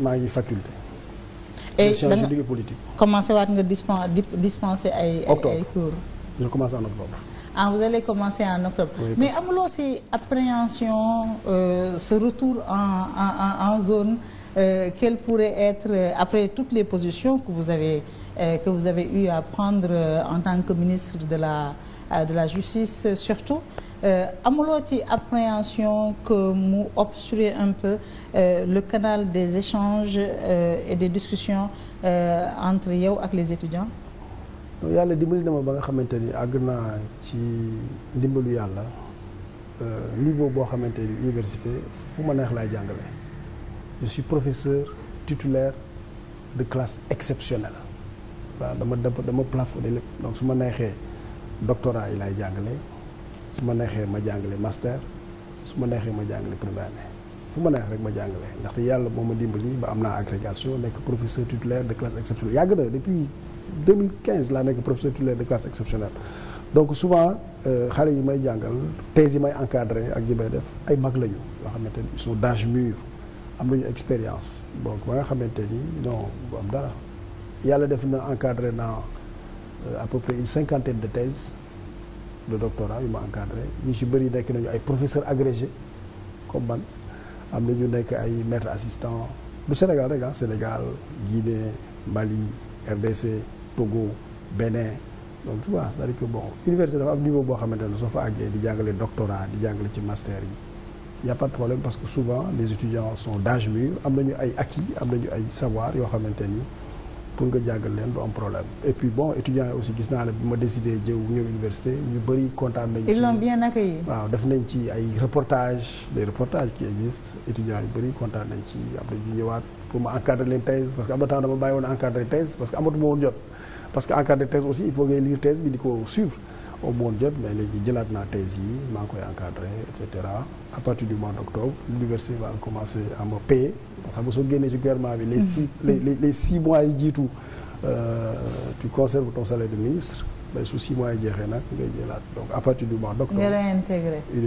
maa ngi faculté. et da nga commencé waat nga dispen dispenser ay. octobre ay cours. je commence en octobre. ah vous allez commencer en octobre. Oui, mais amuloo si appréhension euh, ce retour en en en, en zone. Euh, quelle pourrait être euh, après toutes les positions que vous avez euh, eu à prendre en tant que ministre de la de la justice surtout Euh, amuloo ci appréhension que mu obstruer un peu euh, le canal des échanges euh, et des discussions entre yow ak les étudiants. yàlla dimbali na ma ba nga xamante ni àgg naa ci ndimbalu yàlla niveau boo xamante ni université fu ma neex laay jàngale je suis professeur titulaire de classe exceptionnelle waaw dama dama plafonné lépp donc su ma neexee doctorat yi laay jàngale su ma neexee ma jàngale master su ma neexee ma jàngale première année fu ma neex rek ma jàngale ndaxte yàlla moo ma dimbali ba am naa agrégation nekk professeur titulaire de classe exceptionnelle yàgg na depuis 2015 laa nekk professeur titulaire de classe exceptionnelle donc souvent euh, xale yi may jàngal thèse yi may encadré ak yi may def ay mag lañu yoo xamante ni ils sont d'âge mûr am nañu expérience donc ba nga xamante ni no bu am dara yàlla def na encadré na euh, à peu près de thèses de doctorat yu ma encadré ñu si bëri nekk nañu ay professeur agrégé comme man am na ñu nekk ay maître assistant du Sénégal rek ah Sénégal Guinée Mali RDC Togo Bénin donc tu vois c'est-à-dire que bon boo xamante ne soo fa àggee di jàngale doctorat di jàngale ci master yi y a pas problème parce que souvent les étudiants sont d'âge mûr am nañu ay acquis am nañu ay savoir yoo xamante ni pour nga jàngal leen du am problème et puis bon étudiants yi aussi gis naa ne bi ma décidé jëw ñëw université ñu bëri kontaan nañ. ils l'ont bien accueilli. waaw def nañ ci ay reportages des reportages qui existent étudiants yu bëri kontaan nañ ci après ñu ñëwaat pour ma encadrer leen thèse parce que am na temps dama bàyyi woon encadrer thèse parce que amatuma woon jot parce que encadrer thèse aussi il faut ngay lire thèse bi di ko suivre. au mois de jot mais léegi jëlaat na thèse yi maa ngi koy encadré et cetera à partir du mois d' octobre l'université va commencer à me payer parce que xam nga soo génnee si gouvernement bi les mm. six les les les six mois yi jiitu euh, tu conserves ton salaire de ministre mais su six mois yi jeexee nag ngay jëlaat donc à partir du mois d' octobre. nga